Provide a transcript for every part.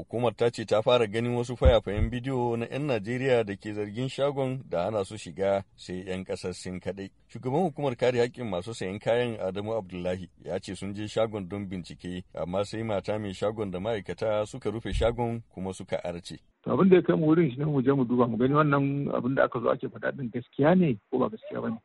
Hukumar ta ce ta fara ganin wasu fayafayen bidiyo na 'yan Najeriya da ke zargin shagon da ana su shiga sai 'yan kasar Sin kaɗai. Shugaban hukumar kare haƙƙin masu sayan kayan Adamu Abdullahi ya ce sun je shagon don bincike, amma sai mata mai shagon da ma'aikata suka rufe shagon kuma suka arce. abin da ya kai mu wurin shi ne mu je mu duba mu gani wannan abin da aka zo ake faɗa din gaskiya ne ko ba gaskiya ba ne.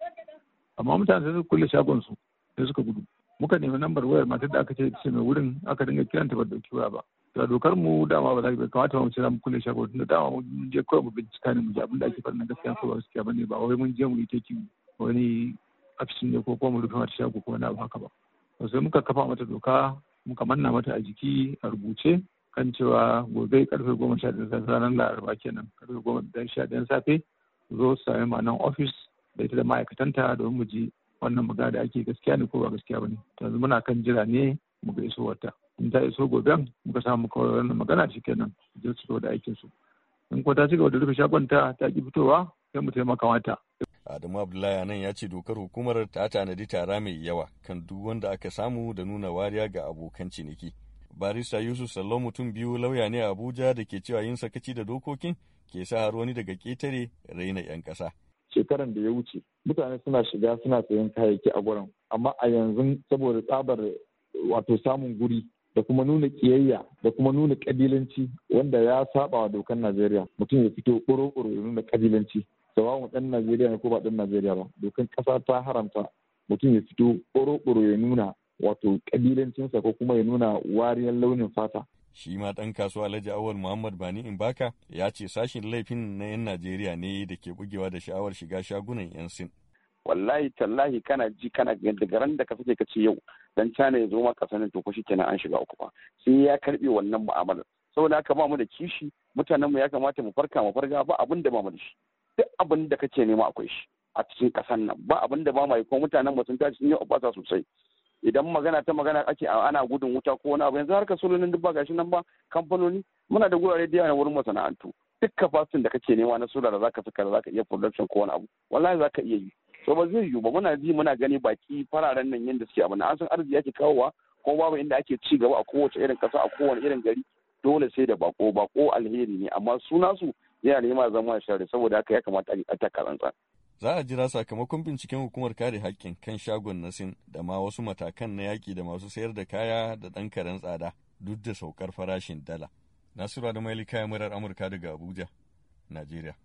Amma mutane sun kulle shagon su sai suka gudu. Muka nemi lambar wayar matar da aka ce mai wurin aka dinga kiranta ba dauki waya ba. da dokar mu dama ba za ka kamata mu mace za mu kulle shago tun da dama mun je kawai mu bincika ne mu ji abin da ake faɗin gaskiya ko ba gaskiya bane ba wai mun je mu yi taking wani afishin ne ko kuma mu rufe mata shago ko wani abu haka ba to sai muka kafa mata doka muka manna mata a jiki a rubuce kan cewa gobe karfe goma sha ɗaya safe ranar laraba kenan karfe goma da sha ɗaya safe zo su sami ma ofis da ita da ma'aikatanta domin mu ji wannan magana da ake gaskiya ne ko ba gaskiya ba ne yanzu muna kan jira ne mu ga wata. in ta iso goben muka samu kawai magana shi kenan da su da aikin su in ko ta ci gaba da rufe shagon ta ta ki fitowa sai mu taimaka mata. Adamu Abdullahi nan ya ce dokar hukumar ta tanadi tara mai yawa kan duk wanda aka samu da nuna wariya ga abokan ciniki. Barista Yusuf sallon mutum biyu lauya ne a Abuja da ke cewa yin sakaci da dokokin ke sa har wani daga ketare raina 'yan ƙasa. Shekaran da ya wuce mutane suna shiga suna sayan kayayyaki a gurin amma a yanzu saboda tsabar wato samun guri da kuma nuna kiyayya da kuma nuna kabilanci wanda ya saba wa dokar Najeriya mutum ya fito ƙoro-ƙoro ya nuna kabilanci sawawun ɗan Najeriya ne ko ba ɗan Najeriya ba dokan ƙasa ta haramta mutum ya fito ƙoro-ƙoro ya nuna wato kabilancinsa ko kuma ya nuna wariyar launin fata shi ma ɗan kasuwa Alhaji Awal Muhammad Bani Imbaka ya ce sashin laifin na 'yan Najeriya ne da ke bugewa da sha'awar shiga shagunan 'yan Sin. wallahi tallahi kana ji kana daga ran da ka fice ka ce yau dan cana ya zo ma kasan to ko kenan an shiga uku ba. sai ya karbe wannan mu'amala saboda haka ba mu da kishi mutanen mu ya kamata mu farka mu farga ba abin da ba mu da shi duk abin da kace nema akwai shi a cikin kasan nan ba abin da ba mu yi ko mutanen mu sun tashi sun yi ubasa sosai idan magana ta magana ake ana gudun wuta ko wani abu yanzu har ka sulunin duk ba gashi nan ba kamfanoni muna da gurare da yawa wurin masana'antu duk kafasin da kake nema na sura da zaka saka da zaka iya production ko wani abu wallahi zaka iya yi to ba zai yiwu ba muna ji muna gani baki fararen nan yadda suke abu na an san arziki ake kawowa ko babu inda ake ci gaba a kowace irin kasa a kowane irin gari dole sai da bako bako alheri ne amma suna su yana nema zama share saboda haka ya kamata a ta karantsa za a jira sakamakon binciken hukumar kare haƙƙin kan shagon nasin da ma wasu matakan na yaƙi da masu sayar da kaya da ɗan karen tsada duk da saukar farashin dala nasiru da mailika ya murar amurka daga abuja najeriya